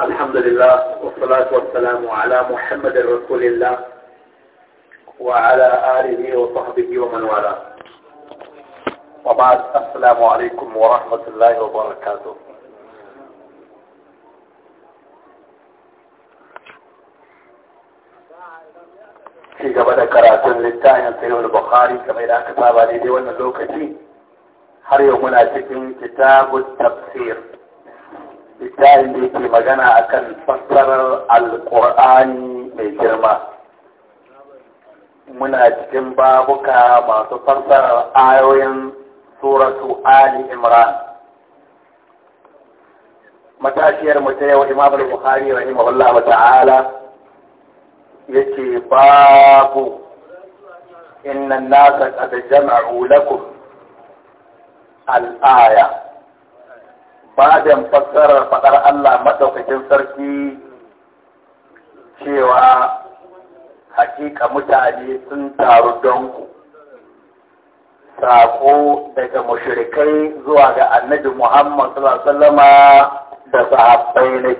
الحمد لله والصلاة والسلام على محمد رسول الله وعلى آله وصحبه ومن والاه وبعد السلام عليكم ورحمة الله وبركاته في جبهة كراتين للتاني سيد البخاري كما إلى كتاب عليه دي ولا لوكتي هل يومنا تكون كتاب التفسير littafin da yake magana akan fassarar alkur'ani mai girma muna cikin babuka masu fassarar ayoyin suratu ali imran matashiyar mu ta yau imam al-bukhari rahimahullah ta'ala yace babu inna an-nasa qad jama'u lakum al-aya bayan fassarar faɗar Allah maɗaukakin sarki cewa hakika mutane sun taru don ku sako daga mushrikai zuwa ga annabi Muhammad wasallam da sahabbai ne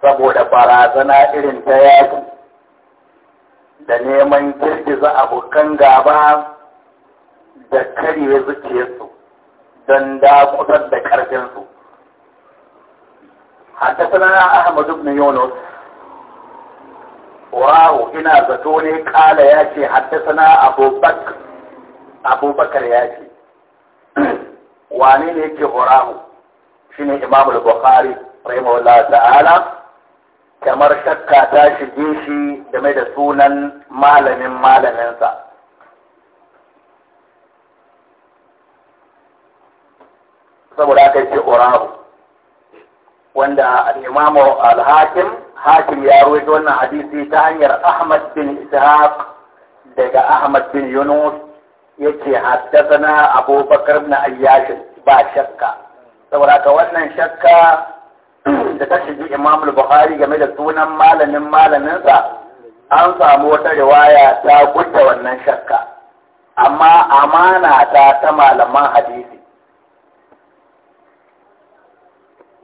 saboda barazana irin ta yaki da neman girgiza abokan gaba da karye zuciyarsu don dakutar da ƙarfinsu haddasa na ahmad ibn yunus wawo ina zato ne kala ya ce haddasa na abubakar ya ce wani ne yake horahu shi ne imamul bukhari rahimahullah ta'ala kamar shakka ta shige shi game da sunan malamin malaminsa saboda aka ce orahu wanda al-imamu al-hakim hakim ya rawaito wannan hadisi ta hanyar ahmad bin ishaq daga ahmad bin yunus yake haddasana abubakar bin ayyashin ba shakka saboda haka wannan shakka da ta shigi imam bukhari game da sunan malamin malaminsa an samu wata riwaya ta gudda wannan shakka amma amana ta ta malaman hadisi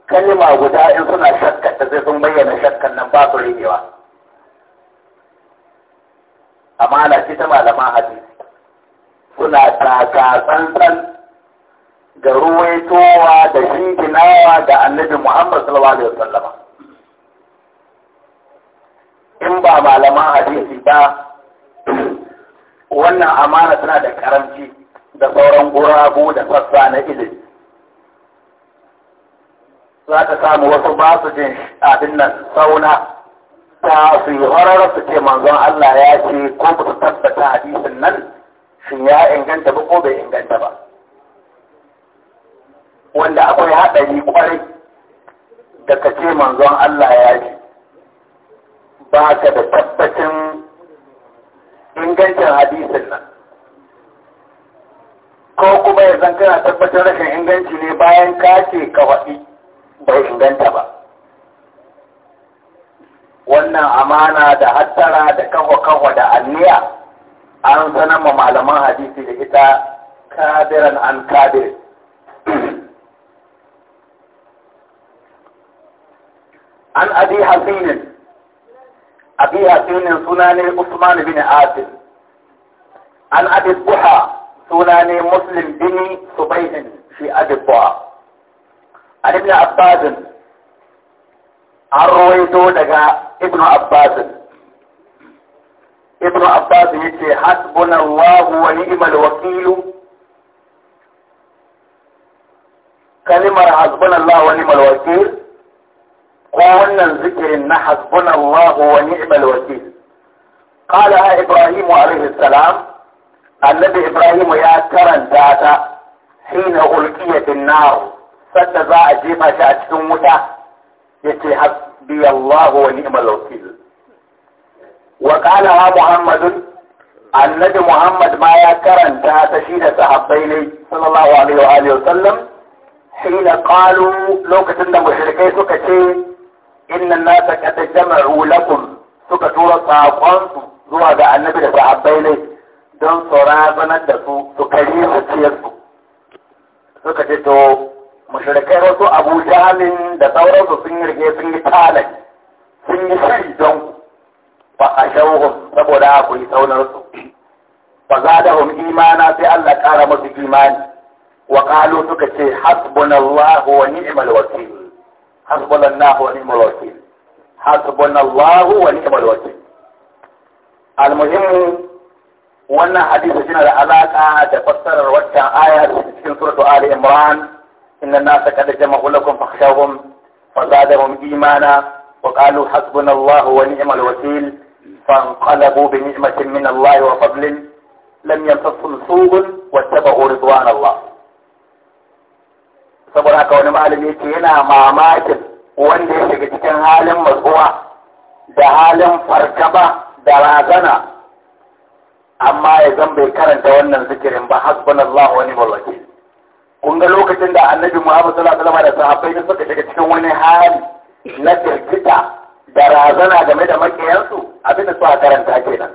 Kalima guda in suna shakkar ta sai sun bayyana shakkan nan ba su rigewa amana ci ta malaman hadisi suna taka tsantsan ga ruwaitowa da shinginawa da annabi Muhammad sallallahu alaihi wasallam in ba malaman hadisi ba wannan amana tana da karamci da sauran gurabu da sassa na ilimi za ka samu wasu ba su jin abin nan sauna ta su yi horar su ce manzon Allah ya ce ko ba su tabbata hadisin nan shi ya inganta ba ko bai inganta ba wanda akwai haɗari kwarai da ka ce manzon Allah ya ce ba ka da tabbacin ingancin hadisin nan ko kuma ya zan kana tabbatar rashin inganci ne bayan ka ce ka faɗi? bai inganta ba wannan amana da hattara da kawo-kawo da anniya an sanar ma malaman hadisi da ita kabiran an kabir an abi hafinin abi hafinin suna ne usman bin asir an abi buha suna ne muslim bin subaihin shi abi buha عن ابن عباس عن رويته لك ابن عباس ابن عباس يتي حسبنا الله ونعم الوكيل كلمة حسبنا الله ونعم الوكيل قولنا الذكر إن حسبنا الله ونعم الوكيل قالها إبراهيم عليه السلام النبي إبراهيم يا كرن حين ألقيت النار sanda za a jefa shi a cikin wuta yake hasbi Allah wa ni'mal wakil wa qala wa annabi Muhammad ma ya karanta ta shi da sahabbai ne sallallahu alaihi wa alihi wasallam hina qalu lokacin da mushrikai suka ce inna nasa qad jama'u lakum suka tura saƙon zuwa ga annabi da sahabbai ne don su razanar da su su suka to mushrikai wasu abu jahalin da sauransu sun yi rige sun yi talai sun yi shiri don ku fa a shauhun saboda ku yi saunarsu fa za da hun imana sai Allah ƙara musu imani wa kalu suka ce hasbunallahu wa ni'mal wakil hasbunallahu wa ni'mal wakil hasbunallahu wa ni'mal wakil almuhimmu wannan hadisi yana da alaka da fassarar waccan aya cikin suratu ali imran إن الناس قد جمعوا لكم فاخشوهم فزادهم إيمانا وقالوا حسبنا الله ونعم الوكيل فانقلبوا بنعمة من الله وفضل لم يمسسهم سوء واتبعوا رضوان الله صبر أكون معلم يتينا مع ماكن وندي شكتكن عالم مزبوع ده عالم فركبة درازنا أما يزن بكرن تونن ذكرن بحسبنا الله ونعم الوكيل kun ga lokacin da annabi Muhammad sallallahu alaihi wasallam da sahabbai ne suka shiga cikin wani hali na firgita da razana game da makiyansu abin da suka karanta kenan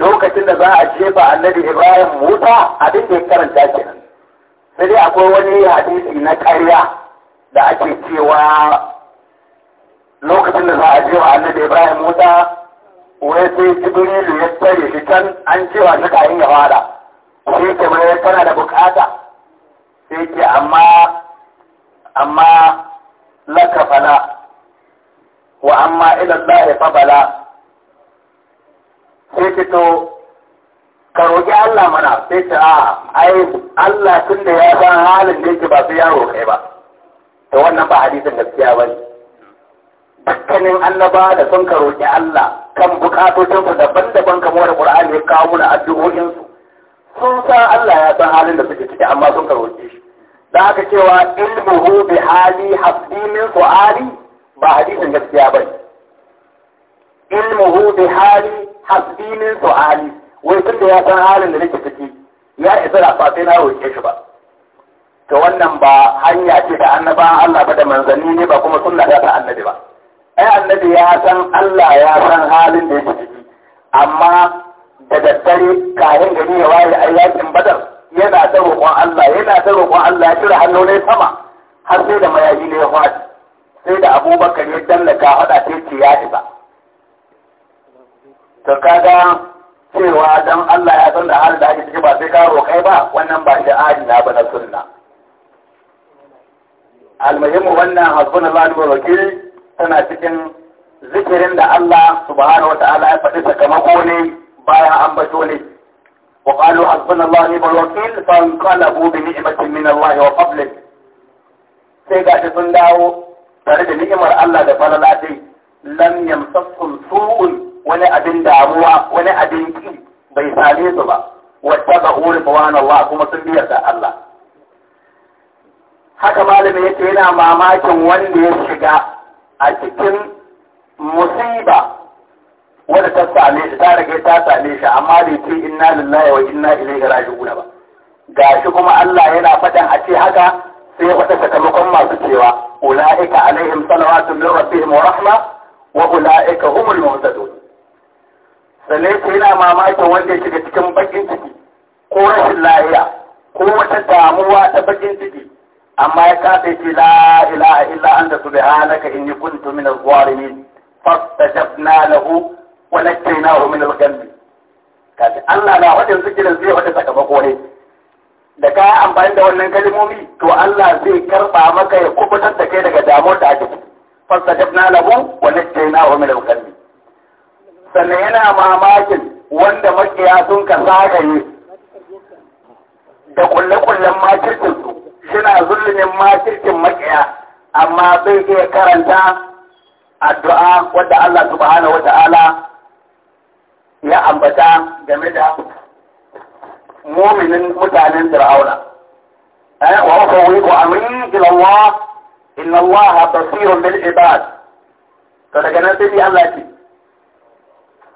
lokacin da za a jefa annabi Ibrahim Musa abin da ya karanta kenan sai dai akwai wani hadisi na ƙarya da ake cewa lokacin da za a jefa annabi Ibrahim Musa wai sai Jibrilu ya tsare shi can an cewa shi kayan ya fara sai kamar tana da bukata sai ce amma amma laka fala wa amma ila Allah fa bala sai ce to ka roƙi Allah mana sai ce a ai Allah tun da ya san halin da yake ba su ya roƙai ba to wannan ba hadisin gaskiya ba ne dukkanin annaba da sun ka roƙi Allah kan bukatocinsu daban-daban kamar da Qur'ani ya kawo mana addu'o'insu sun san Allah ya san halin da suke ciki amma sun karwace shi da aka cewa ilmuhu bi hali hafi min su'ali ba hadisin gaskiya ba ilmuhu bi hali hafi min su'ali wai tunda ya san halin da nake ciki ya isa da fafe na roƙe shi ba to wannan ba hanya ce da annaba Allah ba da manzanni ne ba kuma sunna ta annabi ba ai annabi ya san Allah ya san halin da yake ciki amma da daddare kayan gari ya waye a yakin badar yana ta roƙon Allah yana ta roƙon Allah ya cire hannu ne sama har sai da mayaji ne ya faɗi sai da abubakar ya tallaka haɗa sai ce ya isa to kaga cewa dan Allah ya san da hali da ake ciki ba sai ka roƙai ba wannan ba shi'ari na ba na sunna almuhimmu wannan hasbunallahu wa wakil tana cikin zikirin da Allah subhanahu wa ta'ala ya faɗi sakamako ne bayan an bato ne wa qalu hasbunallahu ni'mal wakil fa anqalabu bi ni'matin min Allah wa fadlin sai ga sun dawo tare da ni'imar Allah da falala dai lam yamsakum su'un wani abin damuwa wani abin ki bai same su ba wattaba'u ridwan Allah kuma sun biyar da Allah haka malamin yake yana mamakin wanda ya shiga a cikin musiba wadda ta same shi ta rage ta same shi amma bai ce inna lillahi wa inna ilaihi raji'un ba gashi kuma Allah yana faɗin a ce haka sai wata sakamakon masu cewa ulaika alaihim salawatun min rabbihim wa rahma wa ulaika humul muhtadun sannan sai yana mamakin wanda ya shiga cikin bakin ciki ko rashin lahiya ko wata damuwa ta bakin ciki amma ya kafe ce la ilaha illa anta subhanaka inni kuntu min minaz zalimin fastajabna lahu ونجيناه من الغم kaji Allah na wajen zikirin zai wata sakamako ne da ka amfani da wannan kalmomi to Allah zai karba maka ya kubutar da kai daga damuwar da ake na labu, lahu wa najjaynahu min al-qalbi sannan yana mamakin wanda makiya sun ka zagaye da kulle-kullen makirkin su suna zulumin makirkin makiya amma bai iya karanta addu'a wadda Allah subhanahu wa ta'ala ya ambata game da muminin mutanen fir'auna eh, wa usawwiqu amin ila Allah inna Allah basirun bil ibad to daga nan sai Allah ce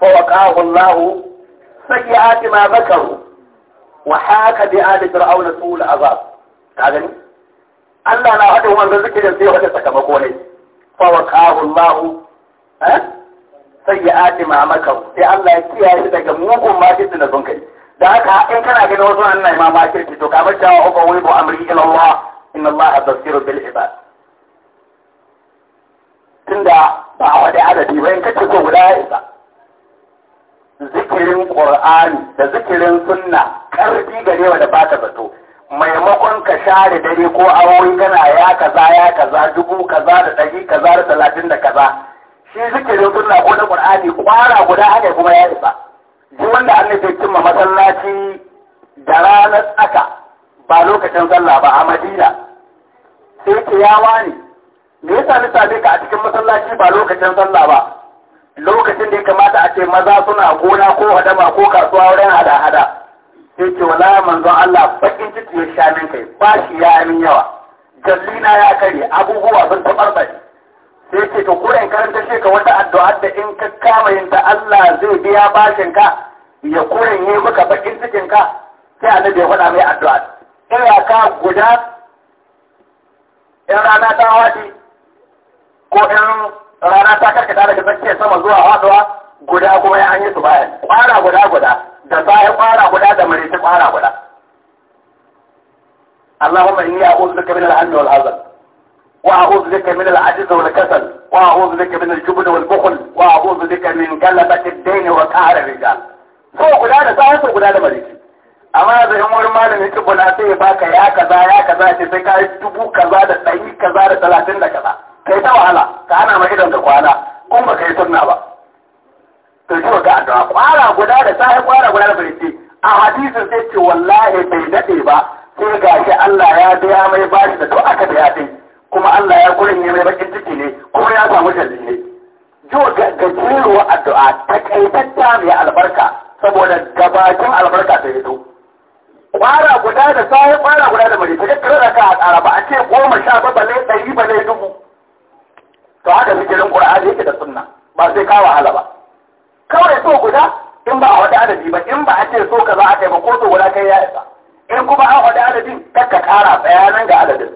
fa waqahu Allah sayyi'ati ma bakaru wa haka bi ali fir'auna su'ul azab ka gani Allah na hada wannan zikirin sai wata sakamako ne fa waqahu Allah eh Sai ya ma makau sai Allah ya kiyaye shi daga mugun mafi da sun kai da haka in kana gani wasu annan ma makirci to kamar cewa uba wai bu amri ila Allah inna Allah basiru bil ibad tunda ba a wani adadi ba in kace ko guda ya isa zikirin qur'ani da zikirin sunna karfi gare wa da baka zato maimakon ka share dare ko awoyi kana ya kaza ya kaza dubu kaza da ɗari kaza da talatin da kaza shi zikirin sunna ko na qur'ani kwara guda haka kuma ya isa duk wanda an ya cimma masallaci da ranar tsaka ba lokacin sallah ba a madina sai ke ya wani me yasa ni same ka a cikin masallaci ba lokacin sallah ba lokacin da ya kamata a ce maza suna gona ko hadama ko kasuwa wurin hada-hada sai ce wala manzo Allah bakin ciki ya sha min kai ba shi ya amin yawa jallina ya karye, abubuwa sun tabarbare sai yake to ko in karanta shi ka wata addu'a da in ka kama yin ta Allah zai biya bashin ka ya koyin yi maka bakin cikin ka sai annabi ya faɗa mai addu'a in ka guda in rana ta waɗi ko in rana ta karkata daga tsakiyar sama zuwa haɗuwa guda kuma ya an yi su bayan ƙwara guda guda da bayan ƙwara guda da marece ƙwara guda Allahumma inni a'udhu bika min al-hammi wal hazan وأعوذ بك من العجز والكسل وأعوذ بك من الجبن والبخل وأعوذ بك من جلبة الدين وقعر الرجال so guda da sa'a so guda da mariki amma yanzu in wani malamin tubu sai baka ya kaza ya kaza ce sai ka yi dubu kaza da ɗari kaza da talatin da kaza kai ta wahala ka hana ma idan da kwana kun ba kai sunna ba to shi ga addu'a kwara guda da sa'a kwara guda da mariki a hadisin sai ce wallahi bai dade ba goma sha ba balai ɗari balai dubu to haka zikirin ƙur'ani yake da sunna ba sai ka wahala ba kawai so guda in ba a wata adadi ba in ba a ce so ka za a ba ko so guda kai ya isa in kuma an wata adadin kar ka ƙara bayanan ga adadin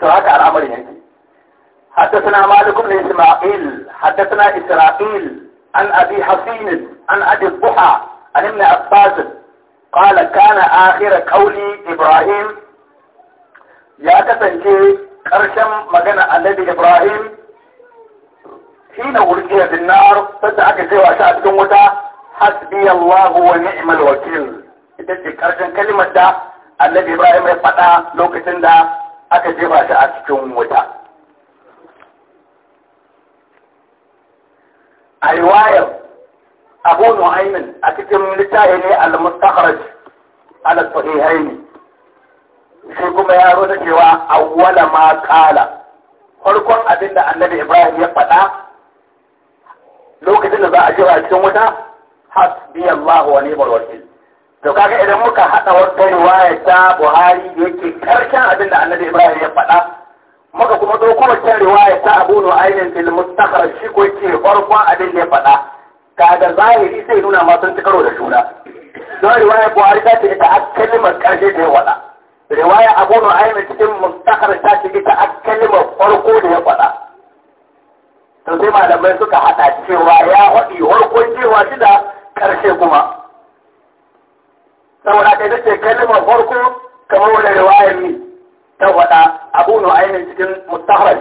to haka al'amarin yake حدثنا مالك بن إسماعيل حدثنا isra'il عن أبي حصين عن adi الضحى عن ابن عباس قال كان آخر قولي إبراهيم يا كسنجي قرشم مجنى النبي إبراهيم حين ألقي بالنار فتعك سوى شاء تموتا حسبي الله ونعم الوكيل إذا قرشم كلمة دا النبي إبراهيم يفتح لوكتن دا aka jefa shi a cikin wuta. A riwayar abu nu'aymin a cikin littafi ne al-mustakhraj ala sahihaini shi kuma ya rota cewa awwala ma qala farkon abin da annabi ibrahim ya faɗa lokacin da za a jira cikin wuta hasbi allah wa ni'mal wakil to kaga idan muka hada wata riwaya ta buhari da yake karshen abin da annabi ibrahim ya faɗa muka kuma ɗauko wata riwaya ta abu nu'aymin fil mustakhraj shi ko yake farkon abin da ya faɗa kaga zahiri sai nuna ma sun ci karo da juna don riwaya buhari ta ce ita a kalimar karshe da ya wada riwaya abu na ainihin cikin mustakar ta ce ita a farko da ya wada to sai malamai suka hada cewa ya waɗi farkon cewa shi da karshe kuma saboda kai ce kalimar farko kamar wani riwaya ne ta wada abu na ainihin cikin mustakar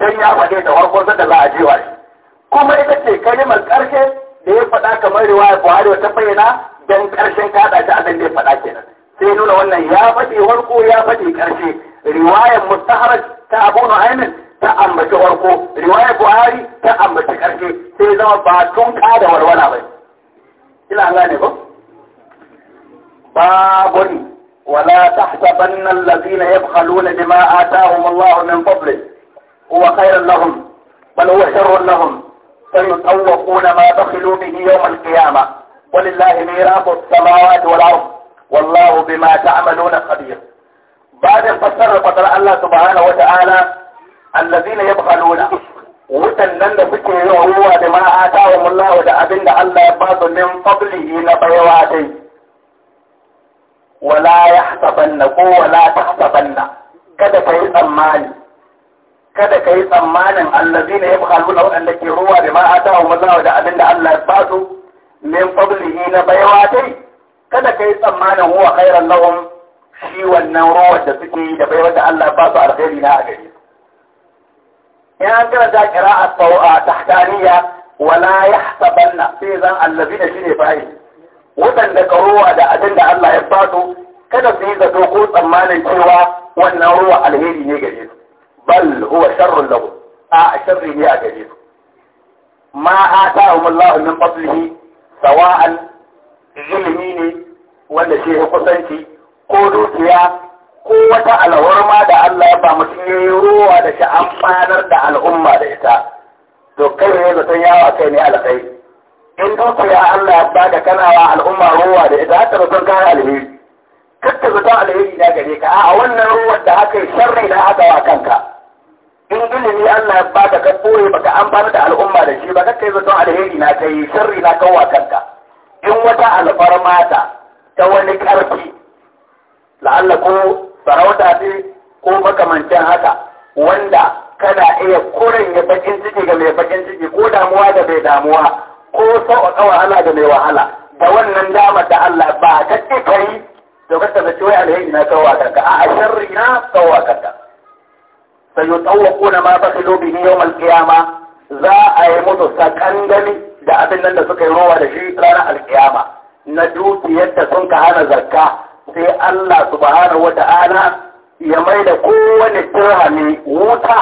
don ya faɗe da farkon da za a jewa shi kuma ita ce kalimar karshe da ya faɗa kamar riwaya Buhari wata bayyana don karshen kaɗa ta abin da ya faɗa kenan sai nuna wannan ya faɗi warko ya faɗi karshe riwaya mustahara ta Abu Nu'aymin ta ambaci warko riwaya Buhari ta ambaci karshe sai zama ba tun ƙada walwala ba ina gane ba babun ولا تحسبن الذين يبخلون بما آتاهم الله من فضله هو خير لهم بل هو شر لهم فيطوقون ما بخلوا به يوم القيامة ولله ميراث السماوات والأرض والله بما تعملون خبير بعد فسر فتر الله سبحانه وتعالى الذين يبخلون وتنن da suke yawa da ma atawa mullahu da abin da Allah ya ba su min fadlihi na bayawa dai wala yahsabanna ko wala tahsabanna kada kai tsammani kada kai tsammanin allazi ne ya fi haluna waɗanda ke ruwa da ma'ata wa mazawa da abin da Allah ya ba su min fadlihi na baiwa dai kada kai tsammanin huwa khairan lahum shi wannan ruwa da suke yi da baiwa da Allah ba su alkhairi na a gare su in an karanta qira'a taw'a tahtaniya wala yahsabanna fi zan allazi ne shine fa'i waɗanda ka ruwa da abin da Allah ya ba su kada su yi zato ko tsammanin cewa wannan ruwa alheri ne gare su bal huwa sharrun lahu a sharri ne a gare su ma atahum Allah min fadlihi sawa'an ilimi ne wanda shi ya kusanci ko dukiya ko wata alhurma da Allah ya ba mutum ya ruwa da shi an amfanar da al'umma da ita to kai ne zaton yawa kai ne alkhairi in dukiya Allah ya ba da kanawa al'umma ruwa da ita haka zaton kayan alheri kakka zaton alheri na gare ka a wannan ruwan da aka yi sharri na aka kanka in ilimi Allah ya baka ka koye baka amfana da al'umma da shi ba ka kai zaton alheri na kai sharri na kawwa kanka in wata alfarma ta ta wani karfi la'alla ko sarauta ce ko makamancin haka wanda kana iya kuren ya bakin ciki ga mai bakin ciki ko damuwa da bai damuwa ko sauƙaƙa wahala da mai wahala da wannan dama da Allah ba ka ce kai to ka tabbaci wai alheri na kawwa kanka a sharri na kawwa kanka sayutawwaquna ma basilu bihi yawm al za a yi musu sakandali da abin nan da suka yi rowa da shi ranar alkiyama na dukiyar da sun ka hana zakka sai Allah subhanahu wa ta'ala ya mai da kowane dirhami wuta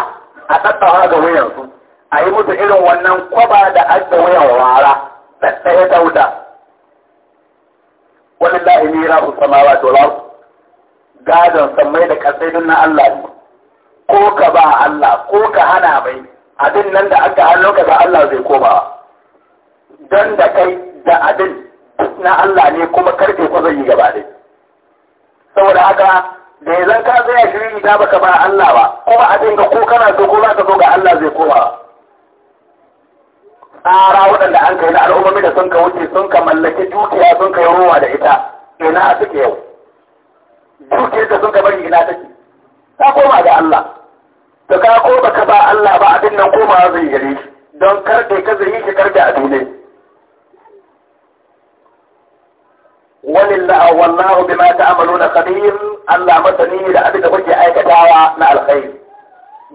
a tattawa ga wuyansu a yi musu irin wannan kwaba da adda wuyan wara ɗaɗɗaya ta wuta walillahi mira su samawa dolar gadon sammai da kasai na Allah ne ko ka ba Allah ko ka hana mai abin nan da aka hano ka ba Allah zai koma don da kai da abin na Allah ne kuma karfe ko zai yi gaba dai saboda haka da yanzu ka tsaya shiri ta baka ba Allah ba kuma abin da ko kana so ko za ka so ga Allah zai koma tsara waɗanda an kai na al'ummomi da sun ka wuce sun ka mallaki dukiya sun ka yi ruwa da ita ina suke yau dukiyar da sun ka bari ina take ka koma da Allah to ka ko baka ba Allah ba abin nan koma zai gare shi don karɗe ka zai shi karɗe a dole walillah wallahu bima ta'maluna khabir Allah masani da abin da kuke aikatawa na alkhairi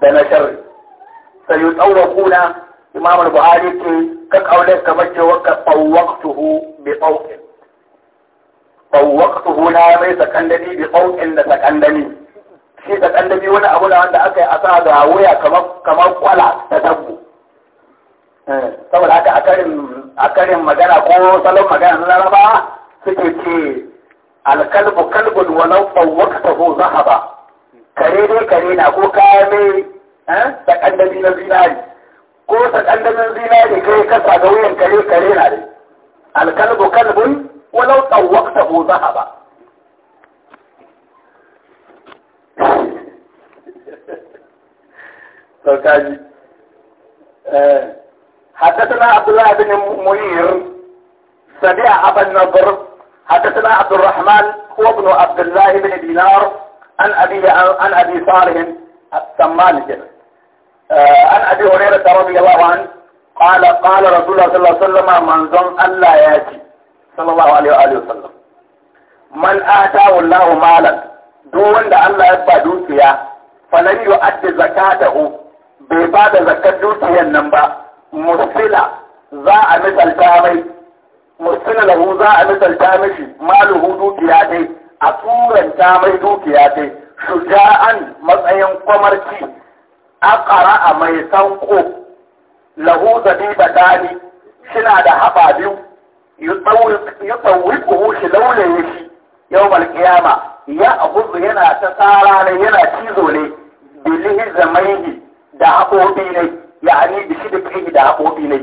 da na sharri sai yutawquna imam al-buhari ce ka kaule kamar ce waka tawaqtuhu bi tawqin tawaqtuhu na mai sakandani bi tawqin da sakandani shi da ɗandabi wani abu na wanda aka yi asa da wuya kamar kwala da dabbo eh, saboda haka a karin magana ko salon magana na laraba suke ce alkalbu kalbun walau ɓawwaka taho ba, kare dai kare na ko kaya mai eh, sakandabi na zinari ko na zinari kai kasa ga wuyan kare kare na dai alkalbu kalbun walau ɓawwaka taho ba. آه، حدثنا عبد الله بن منير سمع أبا النضر حدثنا عبد الرحمن هو ابن عبد الله بن دينار عن أبي عن أبي صالح السمان كده آه، عن أبي هريرة رضي الله عنه قال قال رسول الله صلى الله عليه وسلم من ظن ألا يأتي صلى الله عليه وآله وسلم من آتاه الله مالا دون أن لا يبقى دوسيا فلن يؤدي زكاته bai ba da zakar dukiyan nan ba musila za a misalta mai musila lahu za a misalta mishi maluhu dukiya dai a turanta mai dukiya dai shuja'an matsayin kwamarci a a mai sanko lahu zabiba dani shina da haɓa biyu ya kuhu shi laulaye shi yau malkiyama ya abuzu yana ta tsara ne yana cizo ne bilihi zamaihi da haƙoƙi ne yani bi sidqihi da haƙoƙi ne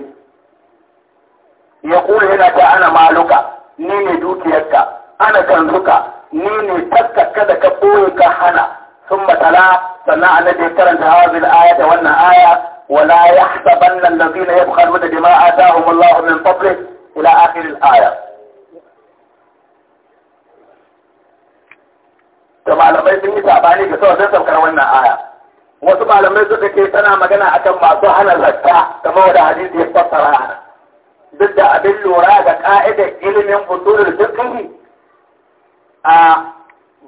ya kula yana ta ana maluka ni ne dukiyarka ana kanzuka ni ne takkaka da ka ɓoye ka hana sun matala sannan annabi ya karanta hazil aya da wannan aya ولا يحسبن الذين يبخلون بما آتاهم الله من فضله إلى آخر الآية da malamai sun yi sabani ga sauran saukar wannan aya wasu malamai suka ce tana magana akan masu hana zarta kama da hadisi ya fassara ana duk da abin lura ga ka'idar ilimin usulul fiqh a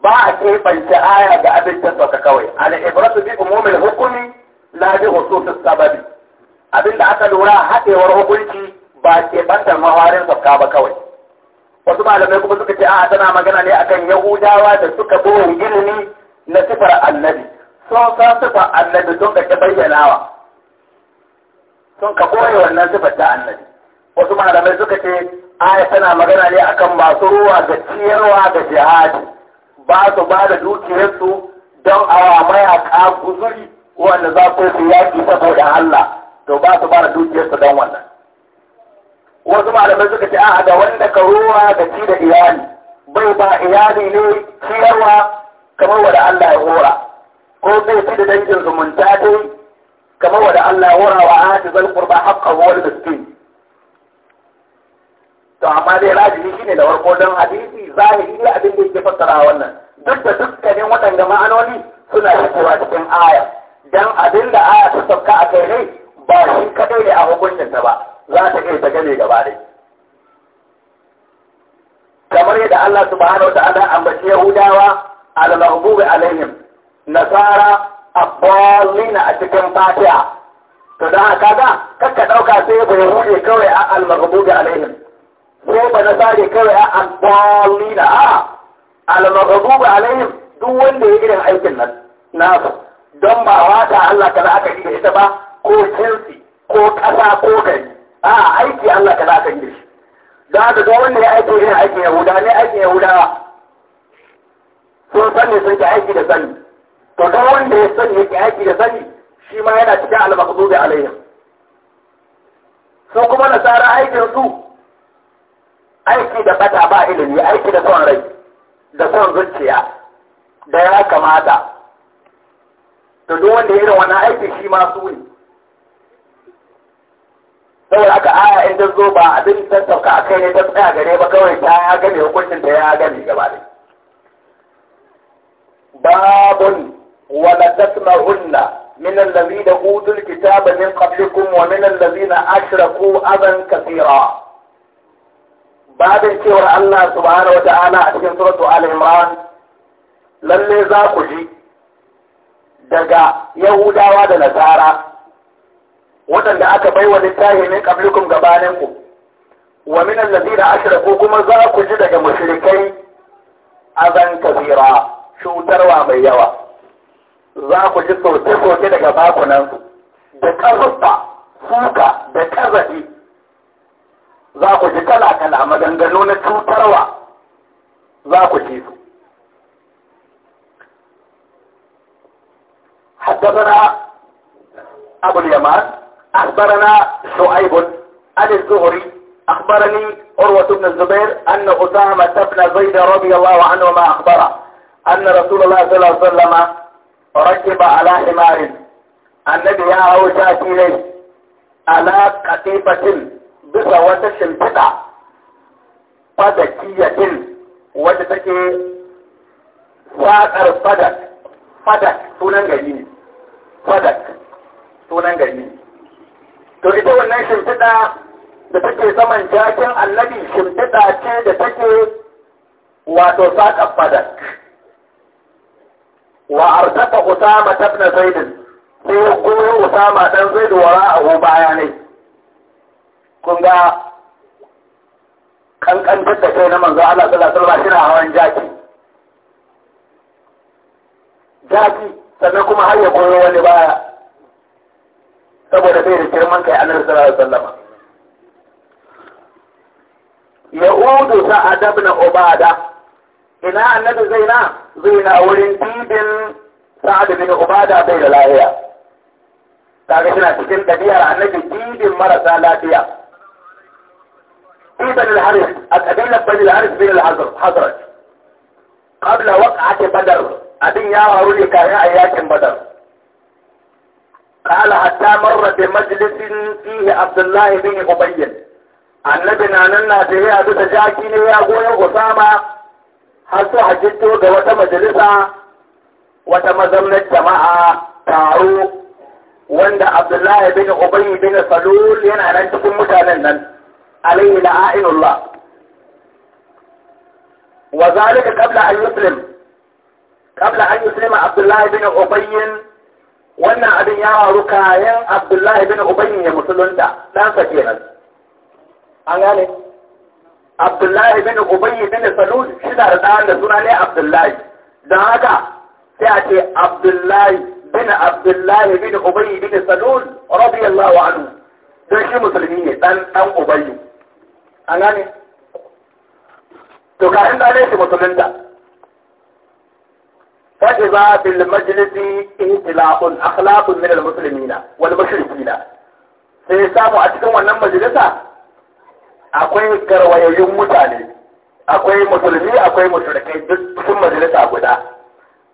ba a keɓance aya ga abin ta sauka kawai al ibratu bi umumin hukumi la bi khususis sababi abin da aka lura haɗewar hukunci ba ke bantar mawarin sauka ba kawai wasu malamai kuma suka ce a tana magana ne akan yahudawa da suka boye ilimi na sifar annabi sun san sifar annabi sun ka ta wa, sun ka koya wannan sifar ta annabi wasu malamai suka ce aya tana magana ne akan masu ruwa da ciyarwa da jihadi ba su ba da dukiyarsu don awa mayaka guzuri wanda za ku su yaki saboda Allah to ba su ba da dukiyarsu don wannan wasu malamai suka ce a'a da wanda ka ruwa da ci da iyali bai ba iyali ne ciyarwa kamar wanda Allah ya hora ko zai fi da dangin zumunta dai kamar wada Allah wara wa ati zal qurba wa wal miskin to amma dai shi shine da warko dan hadisi zahiri ne abin da yake fassara wannan duk da dukkanin waɗanda ma'anoni suna fitowa cikin aya dan abin da aya ta sauka a kai ne ba shi kadai ne a hukuncin ta ba za ta kai ta gane gaba dai kamar yadda Allah subhanahu wa ta'ala ambaci Yahudawa al-maghdubi alaihim nasara bolina a cikin fatiya to da haka ga kakka dauka sai ba rufe kawai a al-maghdubi alaihim sai ba nasari kawai a bolina a al-maghdubi alaihim duk wanda ya irin aikin nan na su don ba wata Allah kaza aka yi da ita ba ko kinsi ko kasa ko gari a aiki Allah kaza aka yi da shi da haka duk wanda ya aiki irin aikin yahuda ne aikin yahudawa sun sani sun ta aiki da sani to dan wanda ya sani yake aiki da sani shi ma yana cikin almakazu da alaihim su kuma tsara aikin su aiki da bata ba ilimi aiki da son rai da son zuciya da ya kamata to duk wanda ya irin wani aiki shi ma su ne saboda aka aya in ta zo ba abin tattauka sauka a kai ne ta tsaya gare ba kawai ta ya gane hukuncin da ya gane gaba da babun ولا تسمعن من الذين أوتوا الكتاب من قبلكم ومن الذين أشركوا أذى كثيرا بعد كور الله سبحانه وتعالى أتكين سورة آل عمران للي ذاكجي دقا يهودا ودا نسارا وطن دعاك بيوة للتاهي من قبلكم قبالكم ومن الذين أشركوا كما ذاكجي دقا مشركين أذى كثيرا شو تروى من يوى za ku ji soke-soke daga bakunansu da karusta suka da kazafi za ku ji kala-kala maganganu na cutarwa za ku ji su حدثنا أبو اليمان أخبرنا شعيب عن الزهري أخبرني عروة بن الزبير أن أسامة بن زيد رضي الله عنهما أخبره أن رسول الله صلى الله عليه وسلم rakiba ala himarin annabi ya hau ta ne ala katifatin bisa wata shimfiɗa fadakiyatin wadda take saƙar fadak fadak sunan gari ne fadak sunan gari ne to ita wannan shimfiɗa da take saman jakin annabi shimfiɗa ce da take wato saƙar fadak wa Usama tafna Zaidin sai ya goyo Usama dan Zaid wa baya ne kun ga kankantar da kai na manzo Allah sallallahu alaihi wasallam na hawan jaki jaki sannan kuma har ya goyo wani baya saboda sai da girman kai annabi sallallahu alaihi wasallam ya'udu sa'ad ibn ubada ina annabi zai na zai na wurin dibin sa'ad bin ubada bai da lahiya kaga suna cikin ɗabi'ar annabi dibin marasa lafiya ibn al-harith al bani al-harith bin al hazr hazrat qabla waqa'ati badr abin ya waru ne kayan ayyakin badar قال حتى مر بمجلس فيه عبد الله بن أبي النبي نانا ناجيه أبو تجاكي ne ya goyon Usama har su hajjito ga wata majalisa wata mazaunar jama'a taro wanda abdullahi bin ubayi bin salul yana nan cikin mutanen nan alaihi la'ainullah wa zalika qabla an yuslim qabla an yuslim abdullahi bin ubayi wannan abin ya faru kayan abdullahi bin ubayi ya musulunta dan sa kenan an gane Abdullahi bin Ubayy bin Salul shi da da suna ne Abdullahi don haka sai a ce Abdullahi bin Abdullahi bin Ubayy bin Salul radiyallahu anhu don shi musulmi ne dan dan Ubayy an gane to ka in dane shi musulunta فإذا بالمجلس اهتلاء أخلاق من المسلمين والمشركين sai samu a cikin wannan majalisa akwai garwayoyin mutane akwai musulmi akwai mushrikai duk sun majalisa guda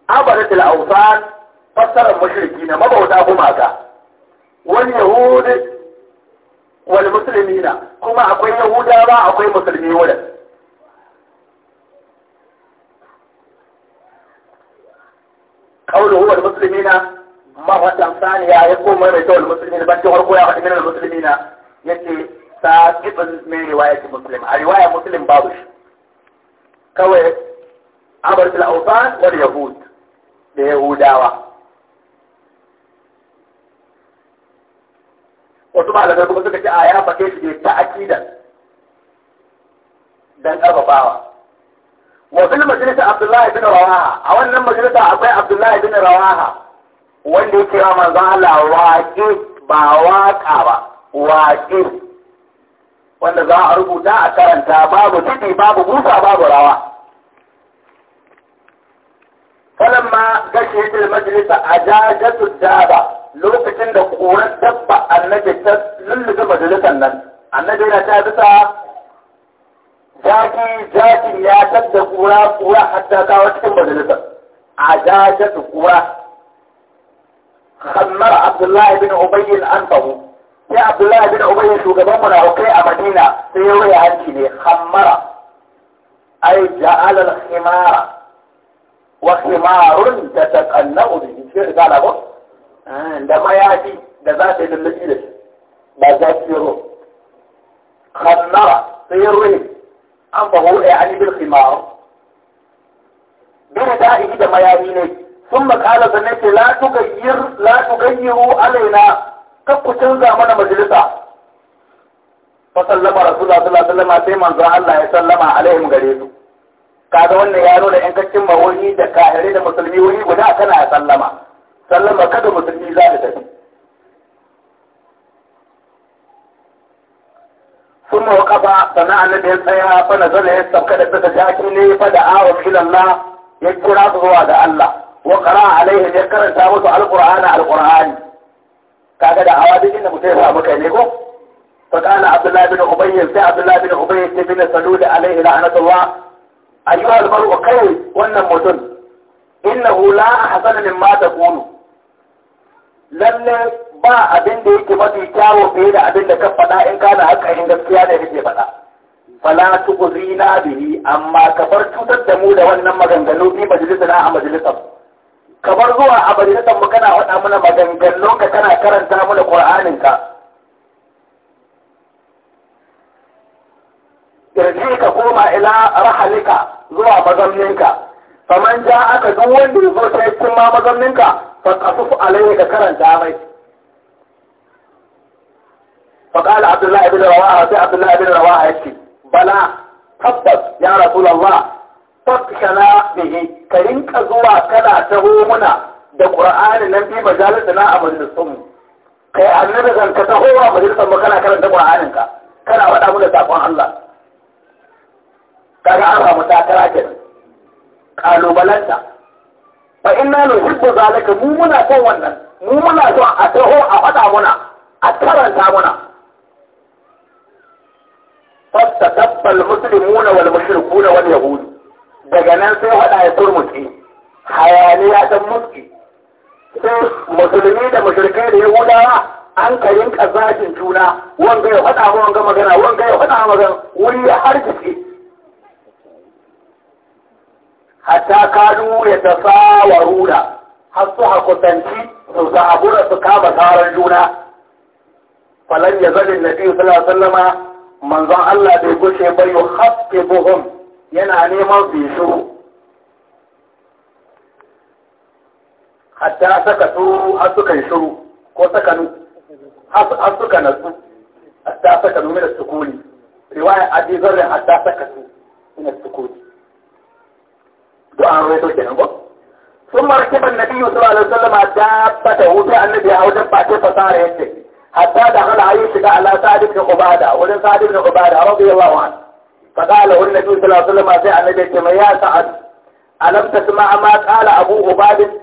abadatul awsan fassarar mushriki na mabauta gumaka wal yahud wal muslimina kuma akwai yahudawa akwai musulmi wurin قوله ya المسلمين mai ثانية يقوم ba ta المسلمين ya يغرقوا يا musulmi na yake. sabiqun riwaya riwayat musulun. a riwaya musulun babu shi kawai abar al-awsan wal yahud da yahudawa wasu malamai kuma suka ce a ya fake shi ne ta akidan dan karfafawa wa fil majalisa abdullahi bin rawaha a wannan majalisa akwai abdullahi bin rawaha wanda yake wa manzon Allah waƙe ba waka ba waƙe wanda za a rubuta a karanta babu tafi babu busa babu rawa falamma gashi da majalisa a jajatu daba lokacin da koran dabba annabi ta lulluga majalisan nan annabi yana ta bisa jaki jakin ya tadda kura kura hatta ta wata cikin majalisar a jajatu kura khammar abdullahi bin ubayyin an fahu sai abdullahi bin ubayy shugaban munafikai a madina sai ya waya hanci ne hammara ai ja'al al himara wa himarun tataqannu bi shi da an da mayafi da za ta yi lullubi da ba za su yi ro sai ya waya an ba hu ai ani bil khimar bin da'i da mayafi ne sun makala sannan ce la tukayyir la tukayyiru alaina kakku canza mana majalisa fa sallama rasulullah sallallahu alaihi wasallam sai manzo Allah ya sallama alaihim gare su kaga wannan ya nuna in ba, wani da kahire da musulmi wani guda kana sallama sallama kada musulmi za ta tafi sun mawakafa sana annabi ya tsaya fa nazala ya sabka da suka jaki ne fa da awa ya kira zuwa da Allah wa qara alaihi ya karanta musu alkur'ani alkur'ani kaga da hawa ina inda mutum ya samu kai ne ko فقال عبد الله بن أبي سي عبد الله بن أبي بن سلول عليه لعنة الله أيها المرء كي ونمتن إنه لا أحسن مما تقول lalle ba abin da yake mafi kyawo fiye da abin da ka faɗa in kana haka in gaskiya ne kake faɗa fala tuqzina bihi amma ka bar cutar da mu da wannan maganganu bi majalisina a majalisar kamar zuwa a majalisar mu kana faɗa mana maganganun ka kana karanta mana Qur'anin ka irji ka koma ila rahalika zuwa mazamninka faman ja aka duk wanda ya zo sai cikin ma mazamninka fa kasufu alaihi ka karanta mai فقال عبد الله بن رواحه عبد الله بن رواحه يكفي Bala tabbas ya رسول fakkala bihi ka rinka zuwa kana ta muna da qur'ani nan bi majalisa na abin da sun kai annabi zan ka taho wa majalisar mu kana karanta qur'anin ka kana faɗa mu da sakon Allah kaga an samu takara kenan kalubalanta fa inna nuhibbu zalika mu muna son wannan mu muna son a taho a faɗa muna a karanta muna wal المسلمون wal واليهود daga nan sai haɗa ya turmuki hayaniya ta muski sai musulmi da mushrikai da yahudawa an ka rinka juna wanga ya faɗa ma wanga magana wanga ya faɗa magana wuri ya hargitse hatta kanu ya ruda har su hakusanci su zaɓura su kama taron juna falan ya zaɗin nabi sallallahu alaihi wasallama manzon Allah bai gushe ba yuhaqqibuhum yana neman su yi hatta saka su har suka yi shuru ko saka har suka su hatta saka numi da sukuni riwaya abi zarrin hatta saka su ina sukuni Do an rai soke kenan ko sun markaba nabi sallallahu alaihi wasallam dabbata wuce annabi a wajen ba fasara yake hatta da hala ayi shiga ala sa'id na ubada wajen sa'id a ubada radiyallahu lawan. فقال والنبي صلى الله عليه وسلم أتى النبي كما يا سعد ألم تسمع ما قال أبو عباد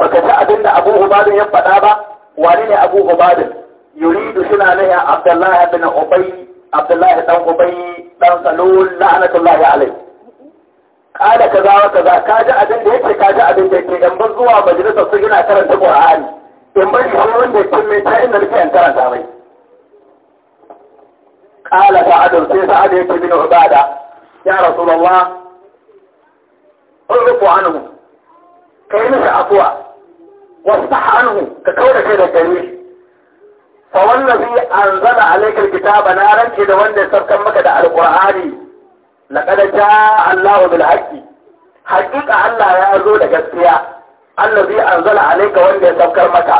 baka ci abin da Abu ya faɗa ba wani ne Abu Ubadin yuridu suna ne a Abdullahi bin Ubay Abdullahi dan Ubay dan Salul la'natullahi alai kada kaza wa kaza ka ji abin da yake ka ji abin da yake ban zuwa majalisa su yana karanta Qur'ani in wanda kala sa'adun sai sa'ad ya ce min ubada ya rasulullah urfu anhu kai masa afwa wasah anhu ka kauna kai da gare shi fa wallazi anzala alayka kitaba na ranke da wanda ya sarkan maka da alqur'ani laqad jaa Allah bil haqqi haqiqa allah ya zo da gaskiya allazi anzala alayka wanda ya saukar maka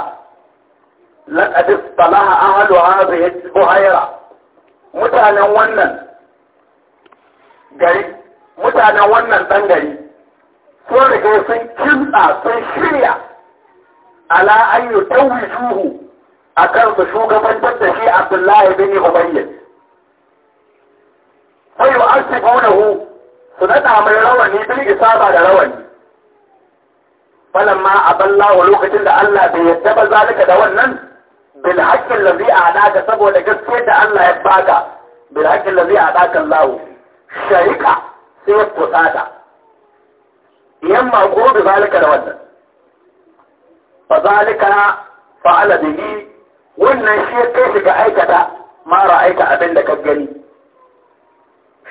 laqad salaha ahlu hadhihi buhaira mutanen wannan gari mutanen wannan ɗan gari sun riga sun kimtsa sun shirya ala an yi a kan su shugabantar da shi abdullahi bin umayya sai yi asibunahu su naɗa mai rawani bin isaba da rawani falamma aballa wa lokacin da Allah bai yadda ba zalika da wannan bil haqqil a a'laka saboda gaskiyar da Allah ya baka bil haqqil ladhi a'laka lawo sharika sai kusata yamma ko bi zalika da wannan fa zalika fa'ala bihi wannan shi kai shiga aikata mara ra'aita abin da ka gani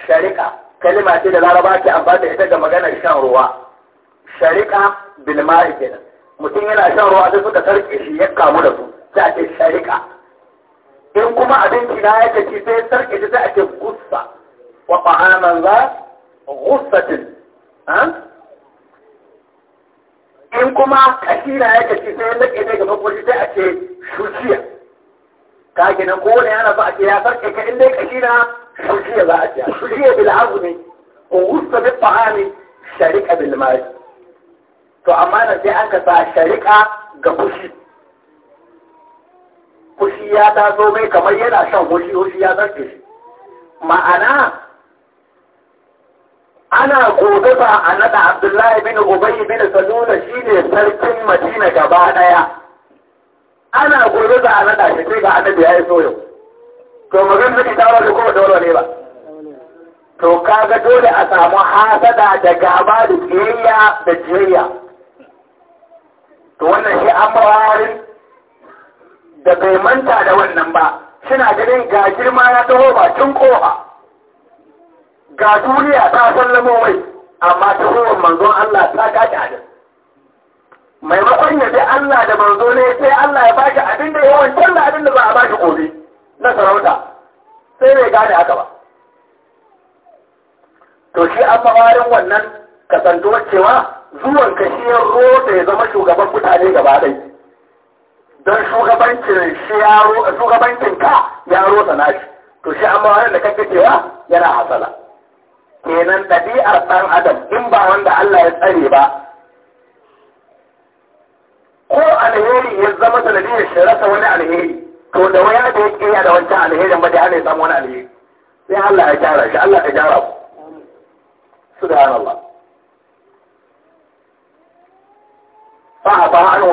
sharika kalima ce da laraba ke amfani da ita ga maganar shan ruwa sharika bil kenan mutum yana shan ruwa sai suka sarke shi ya kamu da su ذات الشركة إن كما أبنتي لا يتشفيتر إذا ذات غصة وطعام الله غصة ها in kuma kashi na ya kashi sai ya zake zai gaban kwashi sai a ce shuciya ka gina kowane yana ba a ce ya farke ka inda kashi na shuciya za a ce shuciya bil azu ne ugusta bil fahami sharika bil mali to amma na sai an ka sa sharika ga kushi kushi ya taso mai kamar yana shan kushi kushi ya zarge shi ma'ana ana gobe ba a naɗa abdullahi bin ubayi bin shi shine sarkin madina gaba ɗaya ana gobe ba a naɗa shi sai ga annabi ya yi soyo to magan da ta wani kuma dole ne ba to kaga dole a samu hasada da gaba da jiyayya da jiyayya to wannan shi an mawarin da bai manta da wannan ba suna ganin ga girma ya taho ba bakin kofa ga duniya ta sallamo mai amma ta tahowar manzon Allah ta kaci adin maimakon ya bi Allah da manzo ne sai Allah ya bashi abin da yawan talla abin da ba a bashi gobe na sarauta sai bai gane haka ba to shi an mawarin wannan kasantuwar cewa zuwan ka shi ya ya zama shugaban mutane gaba ɗaya don shugabancin shi yaro shugabancin ka yaro sana nashi, to shi amma wannan da kake cewa yana hasala kenan ɗabi'ar ɗan adam in ba wanda Allah ya tsare ba ko alheri ya zama sanadiyar shi rasa wani alheri to da waya da ya kiyaye da wancan alherin ba da ya samu wani alheri sai Allah ya gyara shi Allah ya gyara ku subhanallah فأعطى عنه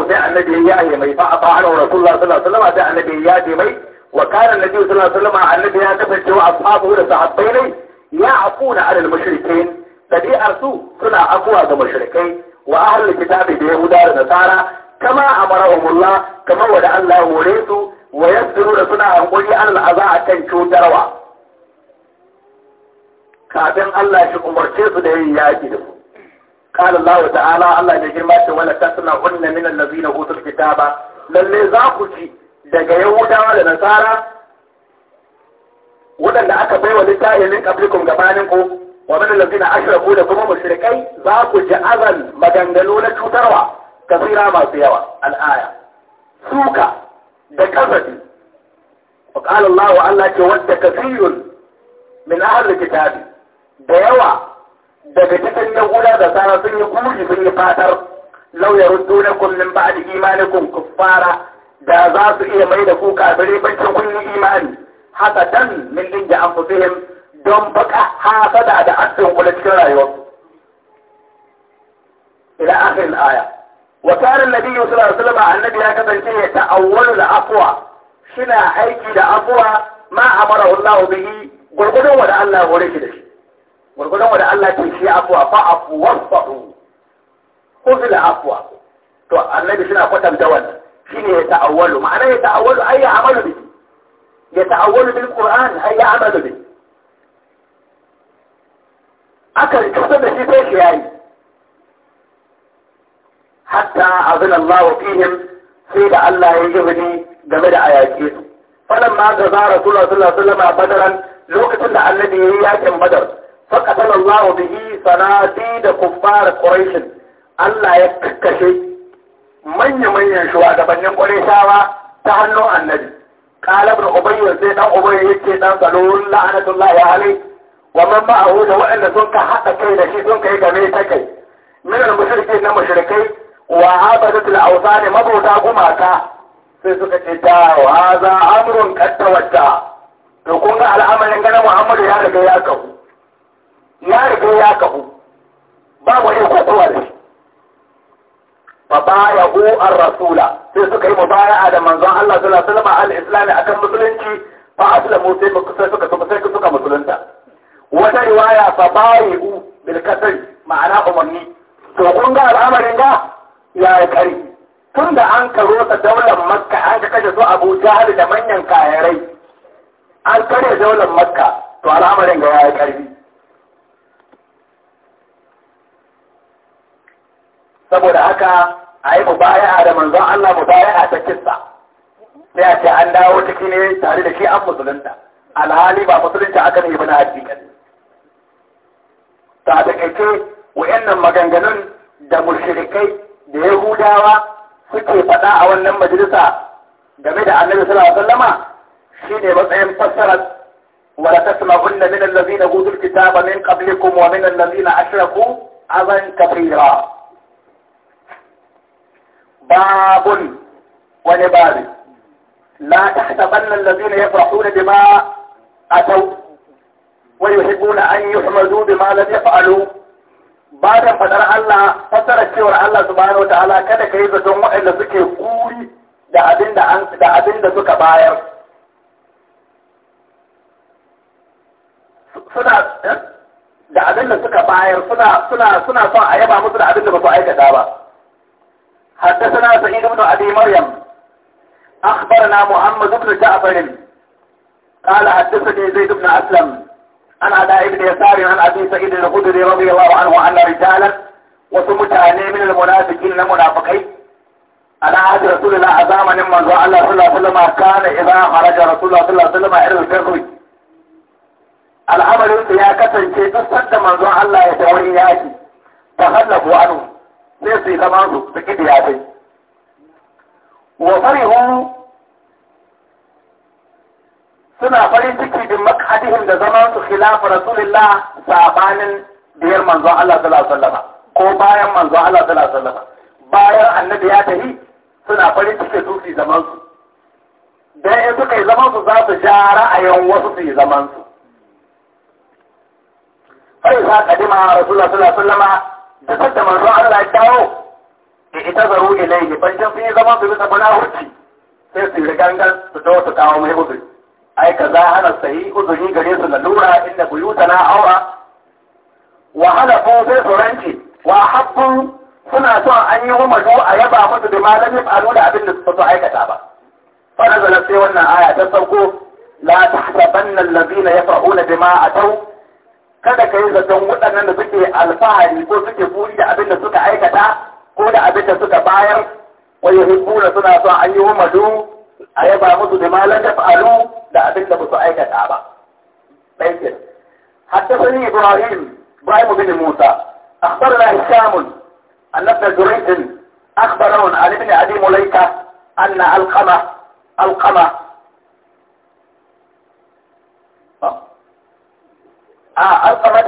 النبي فأعطى عنه رسول الله صلى الله عليه وسلم داع النبي يا وكان النبي صلى الله عليه وسلم على النبي هاتف سوى أصحابه لصحابين يعفون على المشركين الذي أرسو صنع أقوى المشركين وأهل الكتاب بيهودا ونصارى كما أمرهم الله كما ودع الله وليسوا ويسرون صنع أقوى أن العزاء تنشو دروا كابن الله شكو مرشيس ده ياجي قال Ta'ala تعالى الله ya girma ce wala tasna hunna min allazina utul kitaba lalle za ku ji daga yahudawa da nasara waɗanda aka bai wa littafin min qablikum gabanin ku wa min allazina ashraku da kuma mushrikai za ku ji azan maganganu na cutarwa kasira masu yawa al'aya suka da kasafi wa Allah wa Allah ce wanda kasirun min ahli kitabi da yawa daga cikin yahuda da sana sun yi kuri sun yi fatar lauyar dunakun min imani imanikum kuffara da za su iya mai da kuka bare bacci kun yi imani haka dan min dinga anfusihim don baka hasada da addin kula cikin rayuwarsu ila akhir aya wa kana annabi sallallahu alaihi wasallam annabi ya kasance ya ta'awwalu al-afwa shina aiki da afwa ma amara Allah bihi gurgudun wa da Allah gore shi da shi gwargwadon wanda Allah ce shi afuwa fa afu wasfahu ko da afuwa. to annabi suna kwatanta wannan ne ya ta'awwalu ma'ana ya ta'awwalu ay ya'malu bi ya ta'awwalu bil qur'an ay ya'malu bi akan kusa da shi sai shi yayi hatta azna Allah fihim sai da Allah ya izini game da ayake su falamma ga zara sallallahu alaihi wasallam badaran lokacin da annabi ya yi yakin badar فقتل الله da صناديد كفار قريش Allah ya kakkashe manya-manyan shugabannin ƙwarishawa ta hannun annabi. Ƙalab da Ubayyu sai ɗan Ubayyu yake ɗan salon la'anatullahi alai wa man ma'ahu da waɗanda sun haɗa kai da shi sun kai game ta kai. Min al-mushrike na mushrikai wa abadatul awsani mabauta gumaka sai suka ce ta wa hadha amrun qad tawadda. To kun ga al'amarin ganin Muhammadu ya riga ya kafu. ya riga ya kahu ba mu yin kokowa da shi fa bayahu ar-rasula sai suka yi mubaya'a da manzon Allah sallallahu alaihi wasallam al-islami akan musulunci fa aslamu sai suka sai suka musulunta wata riwaya fa bayahu bil kasri ma'ana umarni to kun ga al'amarin ga ya yi kari tun da an ka rotsa daular makka an ka kashe su abu jahal da manyan kayarai an kare daular makka to al'amarin ga ya yi karfi saboda haka a yi mubaya'a da manzon Allah mubaya'a ta kissa sai a ce an dawo ciki ne tare da shi an musulunta alhali ba musulunta akan yi bana hakikan ta da kake wayannan maganganun da mushrikai da yahudawa suke faɗa a wannan majalisa game da annabi sallallahu alaihi wasallama shine matsayin fassarar ولا تسمعن من الذين اوتوا الكتاب من قبلكم ومن الذين اشركوا اذى كثيرا babun wani babi la tahtabanna alladhina yafrahuna bima atau wa yuhibbuna an yuhmadu bima lam yaf'alu bayan fadar Allah fasara cewar Allah subhanahu wataala kada kai zaton waɗanda suke kuri da abinda an da abinda suka bayar suna eh? da abinda suka bayar suna son a yaba musu da abinda ba su aikata ba حدثنا سعيد بن أبي مريم أخبرنا محمد بن جعفر قال حدثني زيد بن أسلم عن عداء بن يسار عن أبي سعيد الخدري رضي الله عنه أن رجالا وسمت من المنافقين المنافقين على عهد رسول الله عزام من رأى الله صلى الله عليه وسلم كان إذا خرج رسول الله صلى الله عليه وسلم إلى الفقر العمل يا كتن شيء تصدى من رأى الله يتوري ياتي تخلفوا عنه Sai su zama su su gidi ya dai wa farihu suna farin ciki bin makadihim da zaman su khilafa rasulillah sabanin biyar manzon Allah sallallahu alaihi ko bayan manzon Allah sallallahu alaihi bayan annabi ya tafi suna farin ciki su su zaman su dan in suka yi zaman su za su ja ra'ayin wasu su yi zaman su fa kadima qadima rasulullah sallallahu alaihi da fadda manzo Allah ya dawo da ita zaru ilaihi bacin sun yi zaman su bisa kuna hurci sai su yi gangan su tawo su kawo mai uzuri ai kaza hana sahi uzuri gare su lalura inda buyuta aura wa halafu sai su rance wa habbu suna son an yi umaru a yaba musu da malami faru da abin da su aikata ba fa nazala sai wannan aya ta sauko la tahsabanna allazina yaf'aluna bima atau kada ka yi zaton wadannan da suke alfahari ko suke buri da abin da suka aikata ko da abin da suka bayar wai hibbuna suna so an yi wa madu a yaba musu da malan da fa'alu da abin da su aikata ba ɗaikin hatta sai ibrahim bai mu bin musa akhbarna hisham annabna jurayj akhbarahun ali bin abi mulaika anna alqama alqama a ابن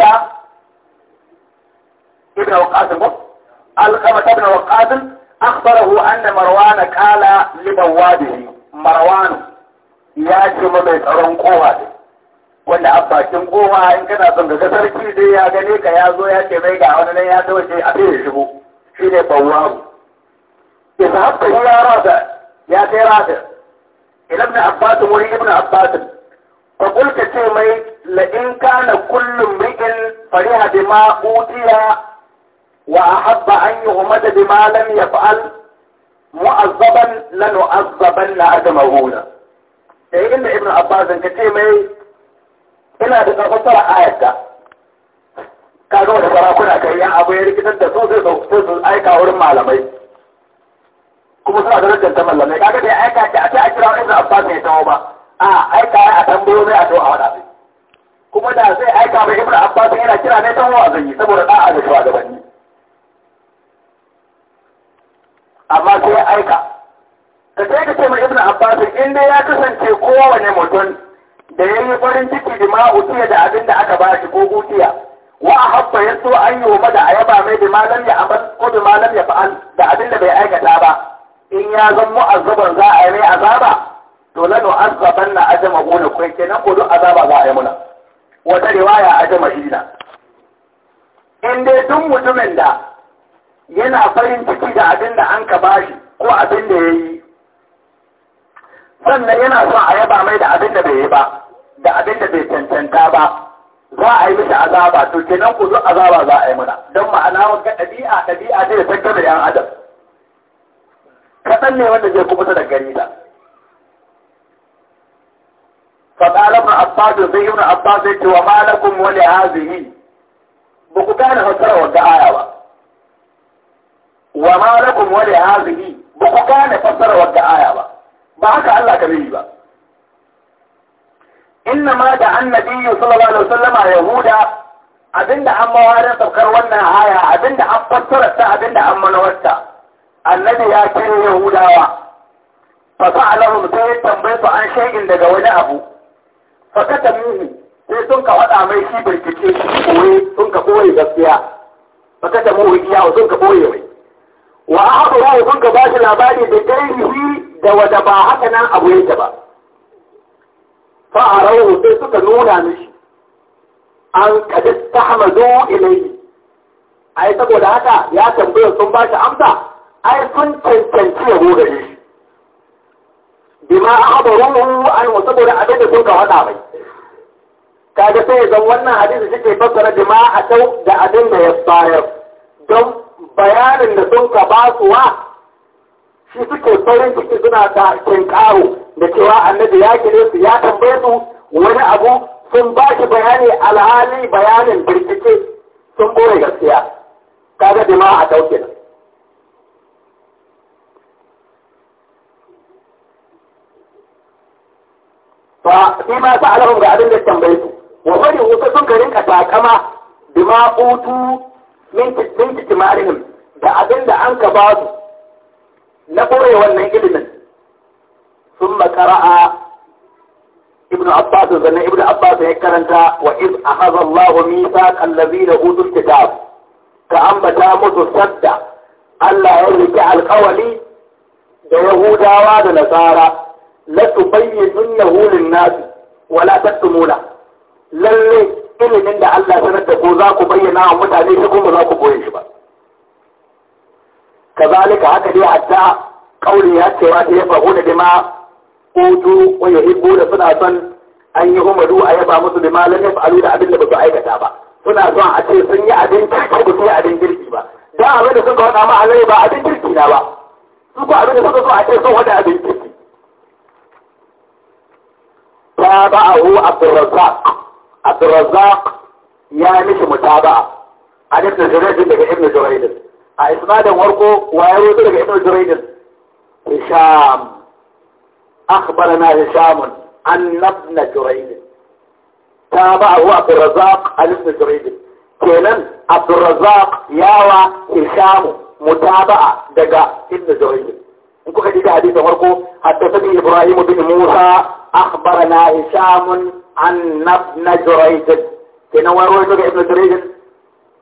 ibn waqasim alqamata ibn waqasim akhbarahu مروان marwan qala li bawadihi marwan ya ce ma mai tsaron kowa ne wanda a bakin kowa in kana son ga sarki dai ya gane ka ya zo ya ce mai ga wani nan ya dauce a bai shigo shi ne ya rasa ya kai rasa ibn abbas ibn abbas ka kulka ce mai la'in kana kullum ri'in fariha bima utiya wa ahabba an yi humada bima lam yaf'al mu'azzaban na nu'azzaban na adamahuna sai eh, inda ibnu abbas ka ce mai ina da tsafatar ayata ka ga da sarakuna kai yan abu ya rikitar da su sai su aika wurin malamai kuma suna da rajanta malamai kaga da ya aika ta a kira wani ibnu abbas ya tawo ba a aika a tambayo mai a to a wada kuma da zai aika mai ibra abbas yana kira ne dan wa zai saboda da'a da shugabanni amma sai aika ka sai ka ce mai ibra abbas in dai ya kasance kowane mutum da ya yi farin ciki da ma'utiya da abin da aka ba shi ko gutiya wa a habba ya so an yi wa da a yaba mai da malam ya abar ko da malam ya fa'al da abin da bai aikata ba in ya zan mu'azzaban za a yi mai azaba to la nu'azzaban na ajama gona kai kenan ko duk azaba za a yi muna wata riwaya ajama ina in dai duk mutumin da yana farin ciki da abin da an ka bashi ko abin da ya yi sannan yana son a yaba mai da abin da bai yi ba da abin da bai cancanta ba za a yi mishi azaba to kenan ku duk azaba za a yi muna don ma'ana wanda ɗabi'a ɗabi'a ne da tattara yan adam kaɗan ne wanda zai kubuta da gari da فقال ابن عباس زي ابن عباس وما لكم ولهذه بقتان هسر والدعاية وما لكم ولهذه بقتان فسر والدعاية بعك الله كبير إنما دعا النبي صلى الله عليه وسلم يهودا أبند أما وارد القرون نهاية أبند أما فسرت أبند أما نوتا الذي يأتي يهودا فصعلهم سيد تنبيط عن شيء لقوله أبوه fakata muhu sai sun ka faɗa mai shi bincike shi koyi sun ka ɓoye gaskiya fakata muhu iya sun ka ɓoye mai wa abu ya sun ka bashi labari da gairihi da wada ba haka nan abu yake ba fa a rawu sai suka nuna mishi an kadis ta hamadu A ai saboda haka ya tambaya sun bashi amsa ai sun cancanci yabo gare shi bima akhbaruhu an saboda abin da suka faɗa mai kaga sai ya wannan hadisi shi ke fassara bima atau da abin da ya bayar don bayanin da sun ka ba su wa shi suke farin ciki suna da kinkaro da cewa annabi ya kire su ya tambaye su wani abu sun ba shi bayani alhali bayanin birkice sun bore gaskiya kaga bima atau kenan fa sai ma fa alahum ga abin da tambaye su wa wani wuta sun ka rinka takama bima utu min min timarihim da abin da an ka ba su na koye wannan ilimin sun makara'a ibnu abbas zanna ibnu abbas ya karanta wa iz akhadha allah mithaqal ladina utul kitab ka ambata musu sadda Allah ya rike alƙawali da Yahudawa da Nasara la tubayyinunnahu lin hulun wa wala tatmuna lalle ilimin da Allah sanar da ku za ku bayyana wa mutane shi kuma za ku boye shi ba kazalika haka dai hatta kauli ya cewa da ya faɗo da bima utu wa yahibu da suna son an yi umaru a yaba musu da lan ya fa'alu da abin da ba su aikata ba suna son a ce sun yi abin kirki ba su yi abin girki ba da abin da suka wada ma alai ba abin girki na ba su ko abin da suka so a ce sun wada abin girki تابعه عبد الرزاق عبد الرزاق يا يعني مش متابعة عن ابن جريد لك ابن جريج آه، اسمادا ورقه ويريد لك ابن جريج هشام اخبرنا هشام عن ابن جريج تابعه عبد الرزاق عن ابن جريج كيلن عبد الرزاق يا هشام متابعة دقا ابن جريج حدثني ابراهيم بن موسى اخبرنا هشام عن ابن جريج كان وروي لك ابن جريج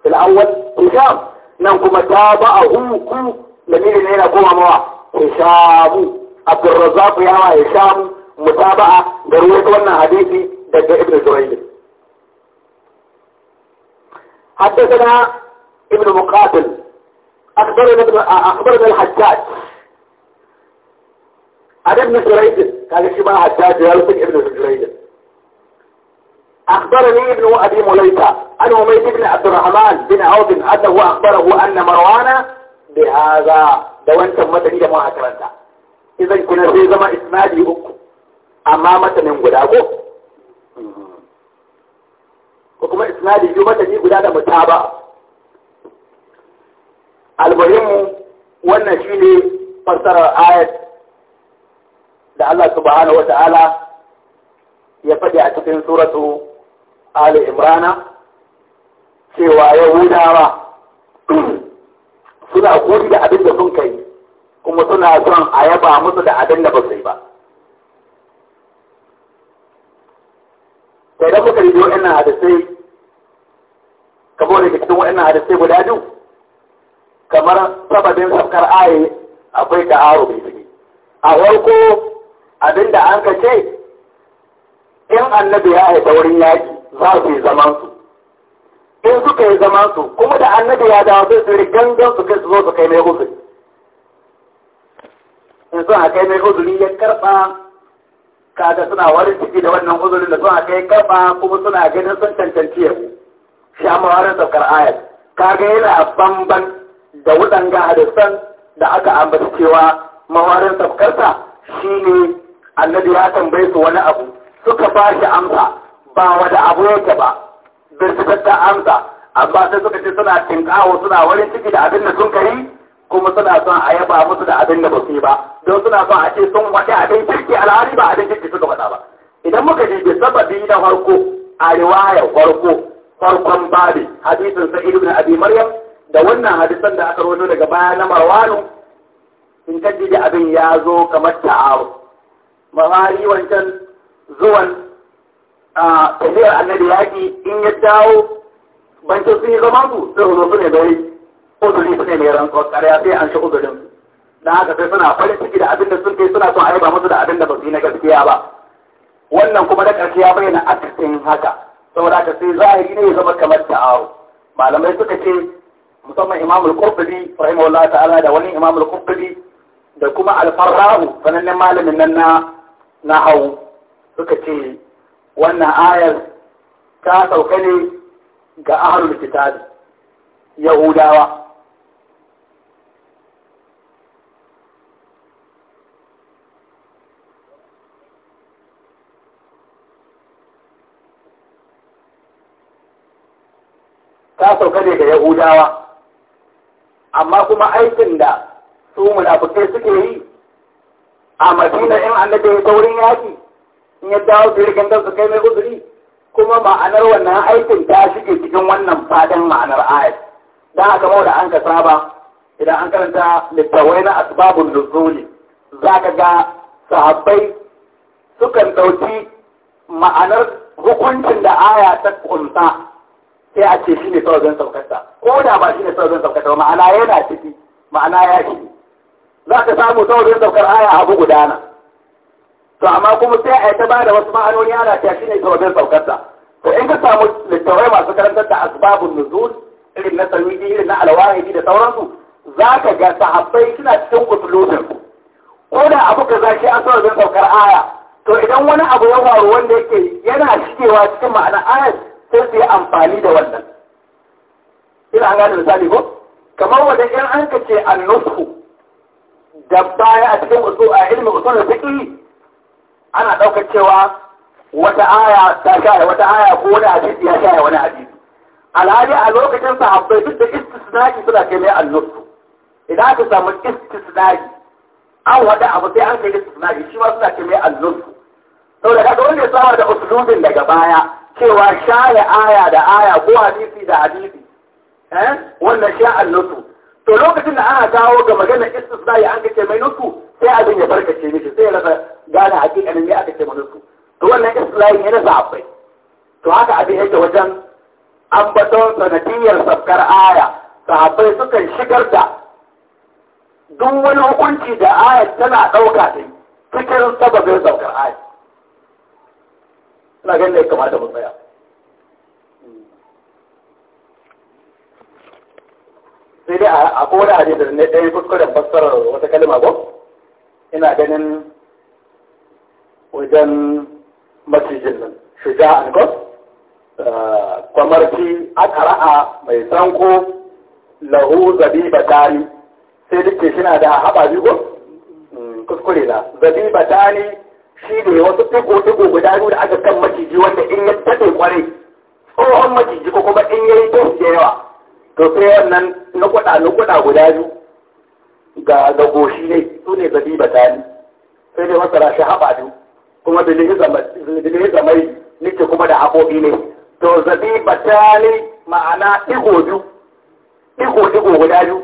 في الاول هشام ننكو متابعهم كو لمين لنا كو مروا هشام عبد الرزاق يا هشام متابعة دروية وانا حديثي دجا ابن جريج حدثنا ابن مقاتل اخبرنا ابن اخبرنا الحجاج عن ابن جريج قال شي حجاج يلصق ابن جريج أخبرني ابن أبي مليكة أن أميد بن عبد الرحمن بن عوف أتى وأخبره أن مروان بهذا ده وانت متني ده ما أكرنت إذا كنا في زمان إسماعيل أكو أما متنين قداكو وكما إسماعيل يو متني قدادا متابع المهم وانا شيني فسر آية da Allah subhanahu wa ta'ala ya faɗi a cikin suratu Ali Imrana cewa Yahudawa suna kuri da abin da sun kai kuma suna son a yaba musu da abin da ba su yi ba. Sai da muka rijo ina ka kamar da cikin wa'ina hadisai guda biyu, kamar sababin safkar ayi akwai aro mai ciki. A farko abinda an ka ce in annabi ya haita wurin yaƙi za su yi zamansu su in suka yi zamansu, kuma da annabi ya dawo sai su gangan su kai su zo su kai mai huzuri in a kai mai huzuri ya karɓa kaga suna warin ciki da wannan huzuri da su a kai karɓa kuma suna ganin sun cancanci ya shi amma warin saukar ayat kaga yana bamban da waɗanga hadisan da aka ambaci cewa mawarin saukarsa ne. annabi ya tambaye su wani abu suka ba shi amsa ba wani abu yake ba ta amsa amma sai suka ce suna tinkawo suna wani ciki da abin da sun kai kuma suna son a yaba musu da abin da ba su yi ba don suna son a ce sun wata abin kirki alhali ba abin kirki suka faɗa ba idan muka je sababi na farko a riwayar farko farkon babi hadisin sa'id ibn abi maryam da wannan hadisan da aka rawaito daga baya na marwanu in kaji da abin ya zo kamar ta'aru yi wancan zuwan a tafiyar annabi yaƙi in ya dawo bancin sun yi zama su sai su ne bai uzuri su ne mai rantsuwar ƙarya sai an shi uzurin su don haka sai suna farin ciki da abin da sun kai suna son a ba musu da abin da ba su yi na gaskiya ba wannan kuma da ƙarshe ya bayyana akasin haka saboda haka sai zahiri ne ya zama kamar awo malamai suka ce musamman imam al-qurtubi rahimahullah ta'ala da wani imam al-qurtubi da kuma al-farrahu sanannen malamin nan na na hau suka ce wannan ayar ta sauka ne ga ahalul kitabi yahudawa ta sauka ne ga yahudawa amma kuma aikin da su munafukai suke yi a madina in annabi ya taurin yaki in ya dawo jirgin da su kai mai uzuri kuma ma'anar wannan aikin ta shige cikin wannan fadin ma'anar ayat dan haka mawa da an ka saba idan an karanta littawai na asbabun nuzuli zaka ga sahabbai sukan dauki ma'anar hukuncin da aya ta kunta sai a ce shine sauran saukarta ko da ba shine sauran saukarta ma'ana yana ciki ma'ana ya shi za ka samu ta wajen daukar aya abu gudana to amma kuma sai a ta bada wasu ma'anoni ana ta shi ne ta wajen ta to in ka samu littattafai masu karantar da asbabun nuzul irin na sarwidi irin na alwahidi da sauransu za ka ga sahabbai suna cikin usulofin ko da abu ka za shi an wajen saukar aya to idan wani abu ya faru wanda yake yana shigewa cikin ma'ana ayat sai su yi amfani da wannan ina an gane misali ko kamar wajen 'yan an ka ce da baya a cikin usul a ilmin usul da fiqi ana daukar cewa wata aya ta shaye wata aya ko wani hadisi ya shaye wani hadisi alhali a lokacin sahabbai duk da istisnaki suna kai mai annusu idan aka samu istisnaki an wada abu sai an kai istisnaki shi ma suna kai mai annusu saboda kaga wanda ya samar da usulubin daga baya cewa shaya aya da aya ko hadisi da hadisi eh wannan sha annusu to lokacin da ana kawo ga maganar istisna'i an kace mai nutsu sai abin ya barkace mishi sai ya rasa gane hakikanin ne aka ce mai to wannan istisna'i ne na sahabbai to haka abin yake wajen ambaton sanadiyar sabkar aya sahabbai sukan shigar da duk wani hukunci da aya tana ɗauka ne cikin sababin sabkar aya Ina ganin da ya kamata mu tsaya. sai dai a kowane hadisin ne ɗaya kuskuren fassarar wata kalma ba ina ganin wajen matijin nan shuja'an ko eh, kwamarci a mai sanko lahu zabiba tari sai duke shina da haɓa biyu ko hmm, kuskure na zabiba tari shi ne wasu ɗigo-ɗigo guda biyu da aka kan maciji wanda in ya taɗe kwarai tsohon maciji ko kuma in ya yi da yawa to sai wannan na kwada guda biyu ga ga goshi ne su ne zabi ba tani sai dai masara shi haɓa biyu kuma zama bilihi ne nike kuma da haƙoƙi ne to zabi ba tani ma'ana ɗigo biyu ɗigo ɗigo guda biyu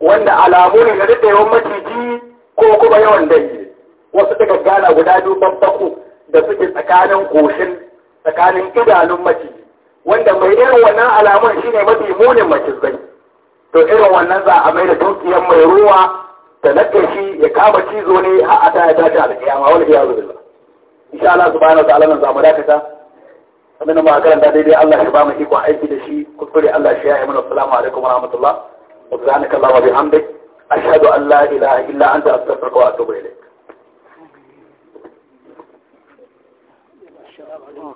wanda alamu ne na daɗewan maciji ko kuma yawan dangi wasu daga gana guda biyu babbaku da suke tsakanin goshin tsakanin idanun maciji wanda mai irin wannan alamun shine mafi munin macizai to irin wannan za a mai da dukiyar mai ruwa da nake shi ya kama cizo ne har a ta ya tashi alƙiyama wal iyazu billah insha Allah subhanahu wa ta'ala nan zamu dakata abin da muka karanta daidai Allah shi ba mu iko aiki da shi kuskure Allah shi ya yi mana assalamu alaikum wa rahmatullah wa subhanaka allahumma bihamdik ashhadu an la ilaha illa anta astaghfiruka wa atubu ilayk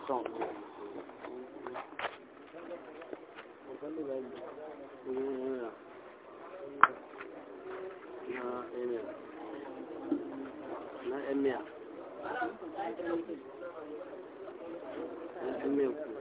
Thank you. na na